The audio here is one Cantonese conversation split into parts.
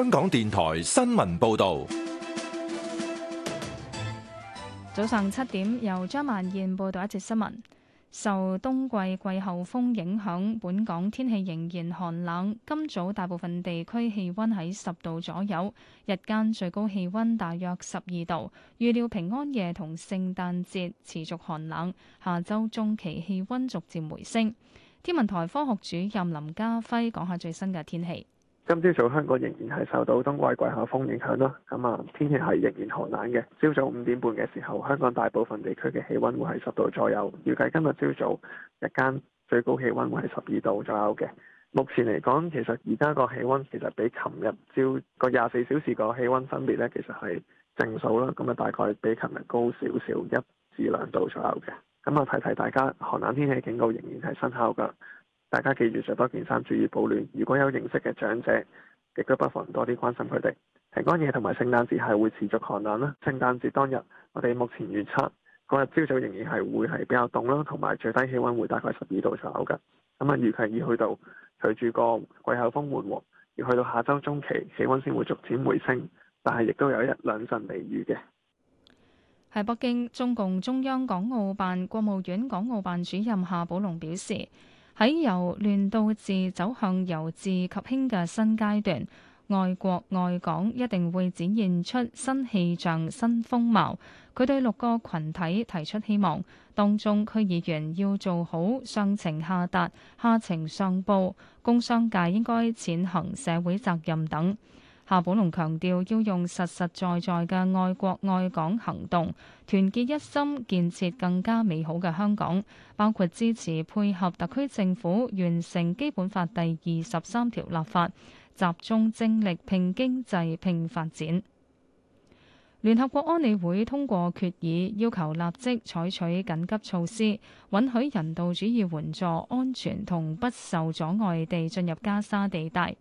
香港電台新聞報道，早上七點由張曼燕報道一節新聞。受冬季季候風影響，本港天氣仍然寒冷。今早大部分地區氣溫喺十度左右，日間最高氣溫大約十二度。預料平安夜同聖誕節持續寒冷，下周中期氣溫逐漸回升。天文台科學主任林家輝講下最新嘅天氣。今朝早香港仍然係受到冬季季候風影響咯，咁啊天氣係仍然寒冷嘅。朝早五點半嘅時候，香港大部分地區嘅氣温會係十度左右。預計今日朝早日間最高氣温會係十二度左右嘅。目前嚟講，其實而家個氣温其實比琴日朝個廿四小時個氣温分別咧，其實係正數啦。咁啊，大概比琴日高少少一至兩度左右嘅。咁啊，提提大家寒冷天氣警告仍然係生效㗎。大家記住着多件衫，注意保暖。如果有認識嘅長者，亦都不妨多啲關心佢哋。平安夜同埋聖誕節係會持續寒冷啦。聖誕節當日，我哋目前預測嗰日朝早仍然係會係比較凍啦，同埋最低氣温會大概十二度左右嘅。咁啊，預期要去到隨住個季候風緩和，要去到下周中期氣温先會逐漸回升，但係亦都有一兩陣微雨嘅。喺北京，中共中央港澳辦、國務院港澳辦主任夏寶龍表示。喺由亂到治走向由治及興嘅新階段，愛國愛港一定會展現出新氣象、新風貌。佢對六個群體提出希望，當中區議員要做好上情下達、下情上報，工商界應該踐行社會責任等。夏寶龍強調要用實實在在嘅愛國愛港行動，團結一心，建設更加美好嘅香港，包括支持配合特區政府完成《基本法》第二十三條立法，集中精力拼經濟、拼發展。聯合國安理會通過決議，要求立即採取緊急措施，允許人道主義援助安全同不受阻礙地進入加沙地帶。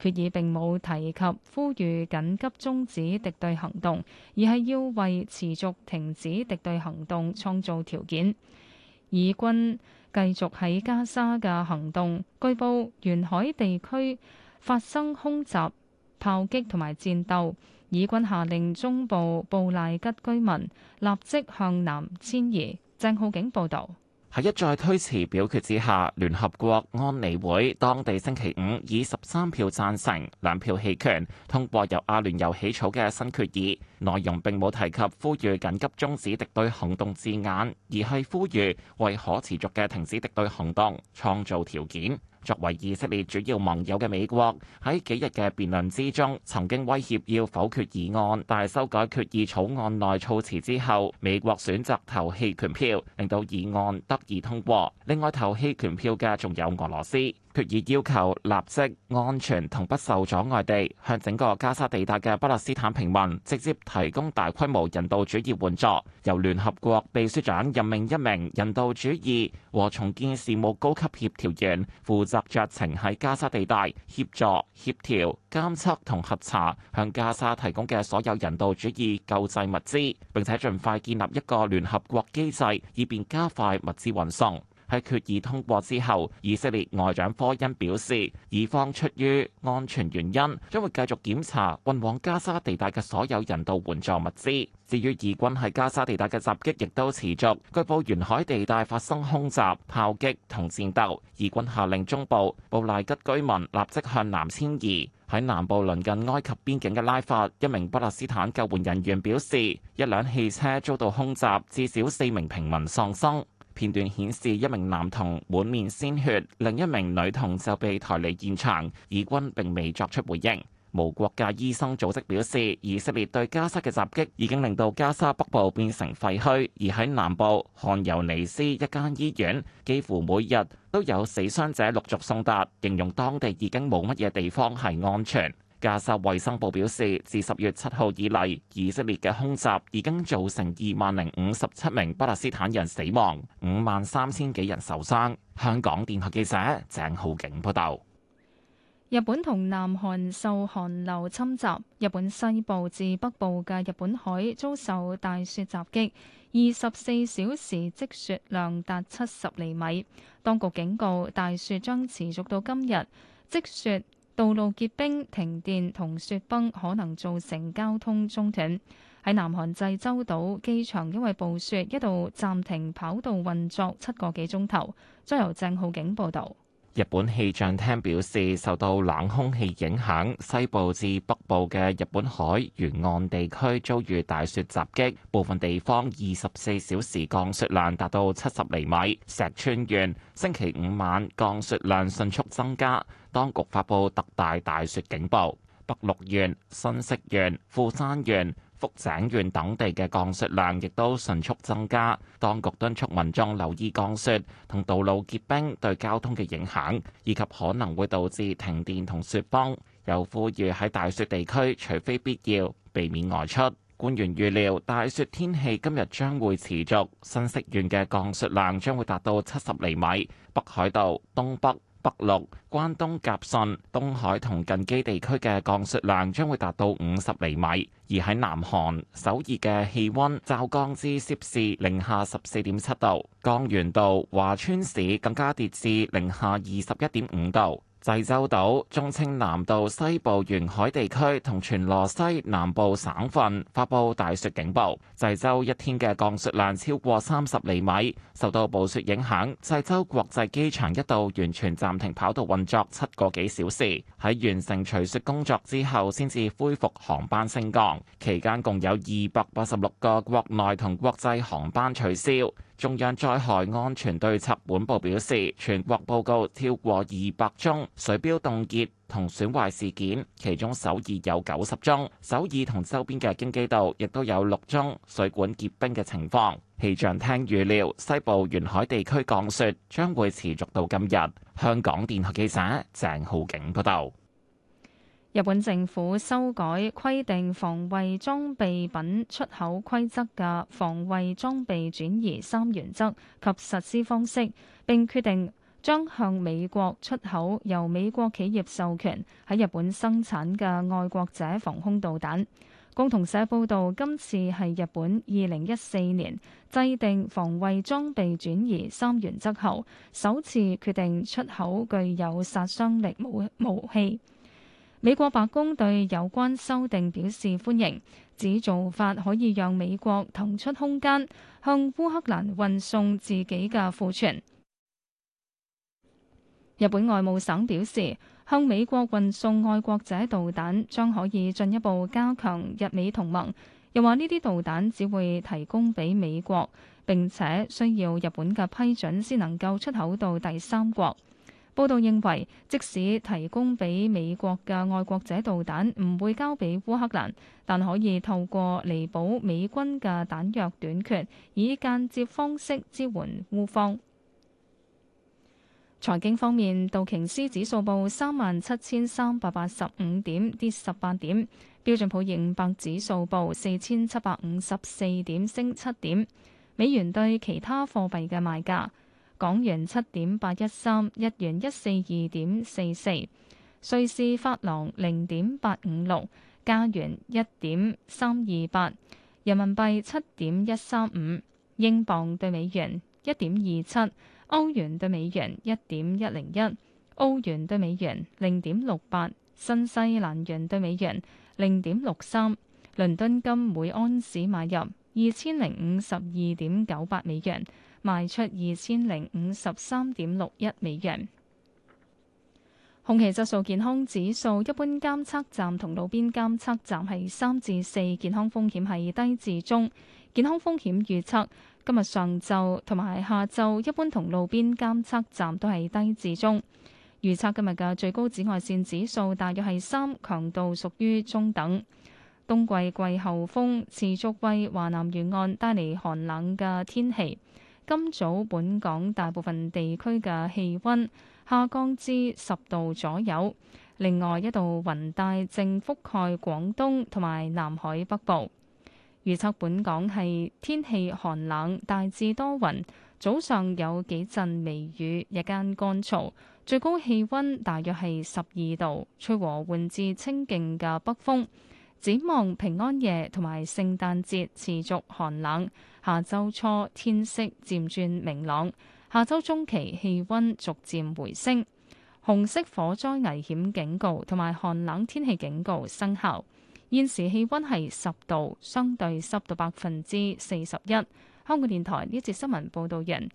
決議並冇提及呼籲緊急中止敵對行動，而係要為持續停止敵對行動創造條件。以軍繼續喺加沙嘅行動居暴，據報沿海地區發生空襲、炮擊同埋戰鬥。以軍下令中部布賴吉居民立即向南遷移。鄭浩景報導。喺一再推遲表決之下，聯合國安理會當地星期五以十三票贊成、兩票棄權通過由阿聯酋起草嘅新決議，內容並冇提及呼籲緊急中止敵對行動字眼，而係呼籲為可持續嘅停止敵對行動創造條件。作為以色列主要盟友嘅美國，喺幾日嘅辯論之中曾經威脅要否決議案。但係修改決議草案內措辭之後，美國選擇投棄權票，令到議案得以通過。另外，投棄權票嘅仲有俄羅斯。決議要求立即安全同不受阻礙地向整個加沙地帶嘅巴勒斯坦平民直接提供大規模人道主義援助，由聯合國秘書長任命一名人道主義和重建事務高級協調員，負責酌情喺加沙地帶協助、協調、監測同核查向加沙提供嘅所有人道主義救濟物資，並且盡快建立一個聯合國機制，以便加快物資運送。喺決議通過之後，以色列外長科恩表示，以方出於安全原因，將會繼續檢查運往加沙地帶嘅所有人道援助物資。至於以軍喺加沙地帶嘅襲擊亦都持續，據報沿海地帶發生空襲、炮擊同戰鬥。以軍下令中部布賴吉居民立即向南遷移。喺南部鄰近埃及邊境嘅拉法，一名巴勒斯坦救援人員表示，一輛汽車遭到空襲，至少四名平民喪生。片段顯示一名男童滿面鮮血，另一名女童就被抬離現場。以軍並未作出回應。無國界醫生組織表示，以色列對加沙嘅襲擊已經令到加沙北部變成廢墟，而喺南部汗尤尼斯一間醫院，幾乎每日都有死傷者陸續送達，形容當地已經冇乜嘢地方係安全。加沙衛生部表示，自十月七號以嚟，以色列嘅空襲已經造成二萬零五十七名巴勒斯坦人死亡，五萬三千幾人受傷。香港電台記者鄭浩景報道。日本同南韓受寒流侵襲，日本西部至北部嘅日本海遭受大雪襲擊，二十四小時積雪量達七十厘米，當局警告，大雪將持續到今日。積雪。道路結冰、停電同雪崩可能造成交通中斷。喺南韓濟州島機場，因為暴雪一度暫停跑道運作七個幾鐘頭。將由鄭浩景報導。日本氣象廳表示，受到冷空氣影響，西部至北部嘅日本海沿岸地區遭遇大雪襲擊，部分地方二十四小時降雪量達到七十厘米。石川縣星期五晚降雪量迅速增加，當局發佈特大大雪警報，北陸縣、新潟縣、富山縣。福井縣等地嘅降雪量亦都迅速增加，當局敦促民眾留意降雪同道路結冰對交通嘅影響，以及可能會導致停電同雪崩。又呼籲喺大雪地區，除非必要，避免外出。官員預料大雪天氣今日將會持續，新潟縣嘅降雪量將會達到七十厘米。北海道東北。北陸、關東、甲信、東海同近畿地區嘅降雪量將會達到五十厘米，而喺南韓首爾嘅氣溫驟降至攝氏零下十四點七度，江原道華川市更加跌至零下二十一點五度。濟州島、忠清南道西部沿海地區同全羅西南部省份發布大雪警報。濟州一天嘅降雪量超過三十厘米，受到暴雪影響，濟州國際機場一度完全暫停跑道運作七個幾小時。喺完成除雪工作之後，先至恢復航班升降。期間共有二百八十六個國內同國際航班取消。中央災害安全對策本部表示，全國報告超過二百宗水錶凍結同損壞事件，其中首爾有九十宗，首爾同周邊嘅京畿道亦都有六宗水管結冰嘅情況。氣象廳預料西部沿海地區降雪將會持續到今日。香港電台記者鄭浩景報道。日本政府修改規定防衛裝備品出口規則嘅防衛裝備轉移三原則及實施方式，並決定將向美國出口由美國企業授權喺日本生產嘅愛國者防空導彈。共同社報道，今次係日本二零一四年制定防衛裝備轉移三原則後，首次決定出口具有殺傷力武器。美國白宮對有關修訂表示歡迎，指做法可以讓美國騰出空間，向烏克蘭運送自己嘅庫存。日本外務省表示，向美國運送愛國者導彈將可以進一步加強日美同盟，又話呢啲導彈只會提供俾美國，並且需要日本嘅批准先能夠出口到第三國。報道認為，即使提供俾美國嘅愛國者導彈唔會交俾烏克蘭，但可以透過彌補美軍嘅彈藥短缺，以間接方式支援烏方。財經方面，道瓊斯指數報三萬七千三百八十五點，跌十八點；標準普爾五百指數報四千七百五十四點，升七點。美元對其他貨幣嘅賣價。港元七點八一三，日元一四二點四四，瑞士法郎零點八五六，加元一點三二八，人民幣七點一三五，英鎊對美元一點二七，歐元對美元一點一零一，歐元對美元零點六八，新西蘭元對美元零點六三，倫敦金每安士買入。二千零五十二點九八美元，2, 2. Million, 賣出二千零五十三點六一美元。空氣質素健康指數，一般監測站同路邊監測站係三至四，健康風險係低至中。健康風險預測今日上晝同埋下晝，一般同路邊監測站都係低至中。預測今日嘅最高紫外線指數大約係三，強度屬於中等。冬季季候風持續為華南沿岸帶嚟寒冷嘅天氣，今早本港大部分地區嘅氣溫下降至十度左右。另外一道雲帶正覆蓋廣東同埋南海北部。預測本港係天氣寒冷，大致多雲，早上有幾陣微雨，日間乾燥，最高氣溫大約係十二度，吹和緩至清勁嘅北風。展望平安夜同埋聖誕節持續寒冷，下周初天色漸轉明朗，下周中期氣溫逐漸回升。紅色火災危險警告同埋寒冷天氣警告生效。現時氣溫係十度，相對濕度百分之四十一。香港電台呢節新聞報道人。